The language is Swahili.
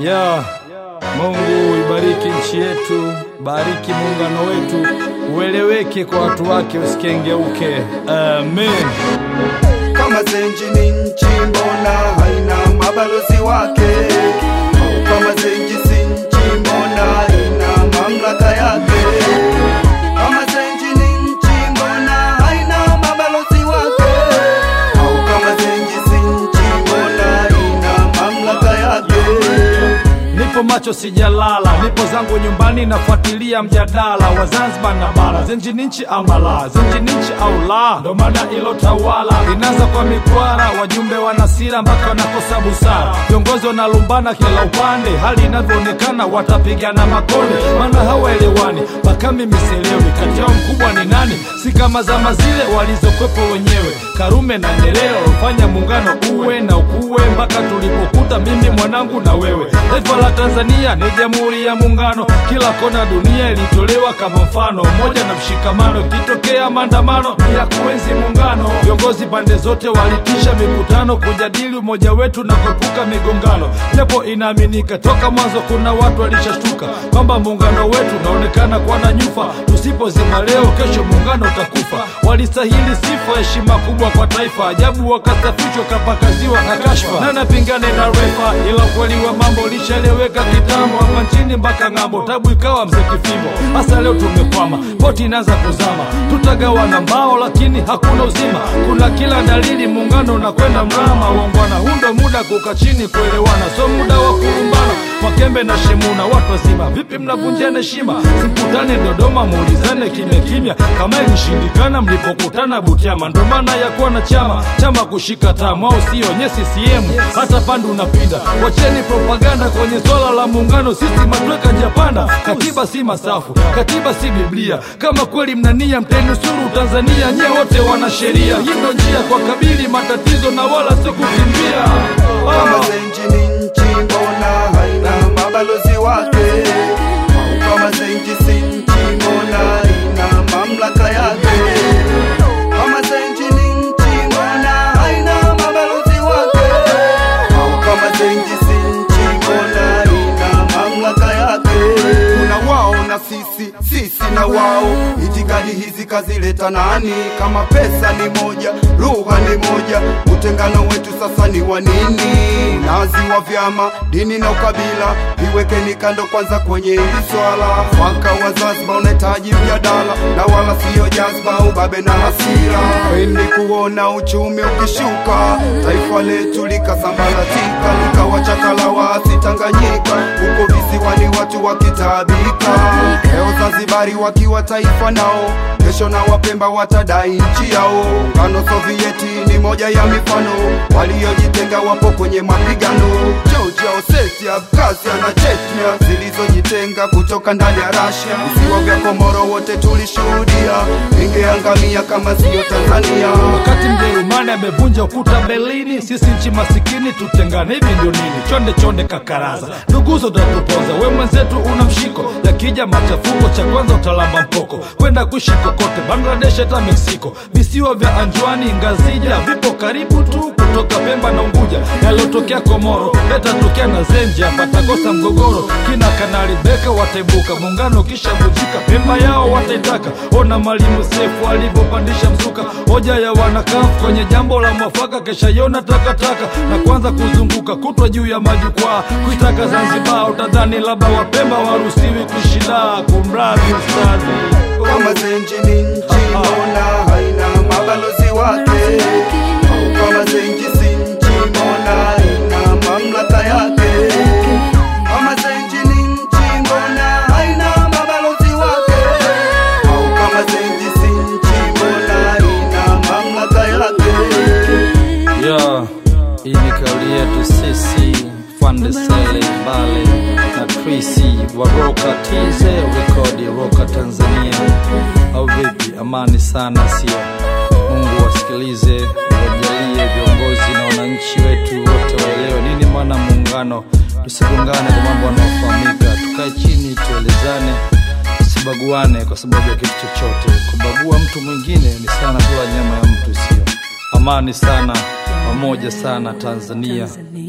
ya Mungu ibariki nchi yetu, bariki muungano wetu, ueleweke kwa watu wake, usikengeuke. Amen. Kama Zenji ni nchi, mbona haina mabalozi wake? macho sijalala, nipo zangu nyumbani nafuatilia mjadala wa Zanzibar na bara, zenji ninchi ama zenji ninchi au la, ndo mada ilotawala inaanza kwa mikwara, wajumbe wanasira mpaka wanakosa busara, viongozi wanalumbana kila upande, hali inavyoonekana watapigana makonde, mana hawaelewani mpaka mimi sielewi kati yao mkubwa ni nani, si kama zama zile walizokwepo wenyewe Karume na Nyerere kufanya muungano uwe na ukuwe mpaka tulipokuta mimi mwanangu na wewe. Taifa la Tanzania ni jamhuri ya muungano, kila kona dunia ilitolewa kama mfano, umoja na mshikamano. Ikitokea maandamano ya kuenzi muungano, viongozi pande zote walitisha mikutano kujadili umoja wetu na kuepuka migongano, japo inaaminika toka mwanzo kuna watu walishashtuka kwamba muungano wetu unaonekana kuwa na nyufa. Tusipozima leo, kesho muungano utakufa. Walistahili sifa, heshima kubwa kwa taifa, ajabu wakati hata kichwa kapakaziwa akashwa na napingane na refa, ila ukweli wa mambo lishaeleweka kitambo, hapa nchini mpaka ng'ambo, tabu ikawa mzee kifimbo. Hasa leo tumekwama, boti inaanza kuzama, tutagawana mbao, lakini hakuna uzima. Kuna kila dalili muungano na kwenda mrama, wangwana, hundo muda kuka chini kuelewana, so muda wa kurumbana Makembe na na watu wazima, vipi mnavunjana heshima? Mkutane Dodoma, muulizane kimya kimya, kama ilishindikana mlipokutana Butiama. Ndo maana ya kuwa na chama chama kushika tamu, au sio? Nye CCM hata pande unapinda. Wacheni propaganda kwenye swala la muungano, sisi matweka japanda. Katiba si masafu, katiba si Biblia. Kama kweli mnania mtenusuru Tanzania, nye wote wana sheria. Hii njia kwa kabili matatizo na wala sio kukimbia oh wake kama Saint Saint Mona ina mamlaka yake kama Saint Saint Mona aina mabalozi wake kama Saint Saint Mona ina mamlaka yake kuna wao na sisi sisi na wao itikadi hizi kazileta nani kama pesa ni moja Ru kauli moja, utengano wetu sasa ni wa nini? Nazi wa vyama, dini na ukabila, viwekeni kando kwanza kwenye hili swala. Mwaka wa Zanzibar unahitaji mjadala na wala siyo jazba, ubabe na hasira. Pendi kuona uchumi ukishuka, taifa letu likasambaratika. watu wakitabika. Leo Zanzibari wakiwa taifa nao, kesho na Wapemba watadai nchi yao. Ngano Sovieti ni moja ya mifano, waliojitenga wapo kwenye mapigano. Georgia, Ossetia, na Chechnya zilizojitenga kutoka ndani ya rasia Visiwa vya Komoro wote tulishuhudia, ingeangamia kama siyo Tanzania. Wakati Mjerumani amevunja ukuta belini sisi nchi masikini tutengane hivi ndio nini? Chonde chonde kakaraza, nduguzo tunatuponza, we mwenze yetu una mshiko, yakija machafuko cha kwanza utalamba mpoko kwenda kuishi kokote Bangladesh hata Meksiko. Visiwa vya Anjwani, Ngazija vipo karibu tu kutoka Pemba na Unguja. Yalotokea Komoro yatatokea na Zenja, patakosa mgogoro. Kina Kanali Beka wataibuka, muungano kisha vujika, Pemba yao wataitaka. Ona Mwalimu Sefu alivyopandisha mzuka, hoja ya wanakafu kwenye jambo la mwafaka, kesha yona takataka na kwanza kuzunguka kutwa juu ya majukwaa kuitaka Zanzibar, utadhani labda Wapemba warusiwi kuishi na kumradi ustadi kama zenji ni nchi mbona haina mabalozi wake kama zenji si nchi mbona haina mamlaka yake Yeah. yeah. Hii ni kauli yetu sisi Afande Sele Mbale na Trisi wa Roka TZ rekodi Roka Tanzania. Au vipi? Amani sana, sio? Mungu wasikilize, wajalie viongozi na wananchi wetu wote waelewe nini maana muungano. Tusigongane kwa mambo yanayofahamika, tukae chini tuelezane, tusibaguane kwa sababu ya kitu chochote. Kubagua mtu mwingine ni sana kula nyama ya mtu, sio? Amani sana, pamoja sana Tanzania. Tanzania.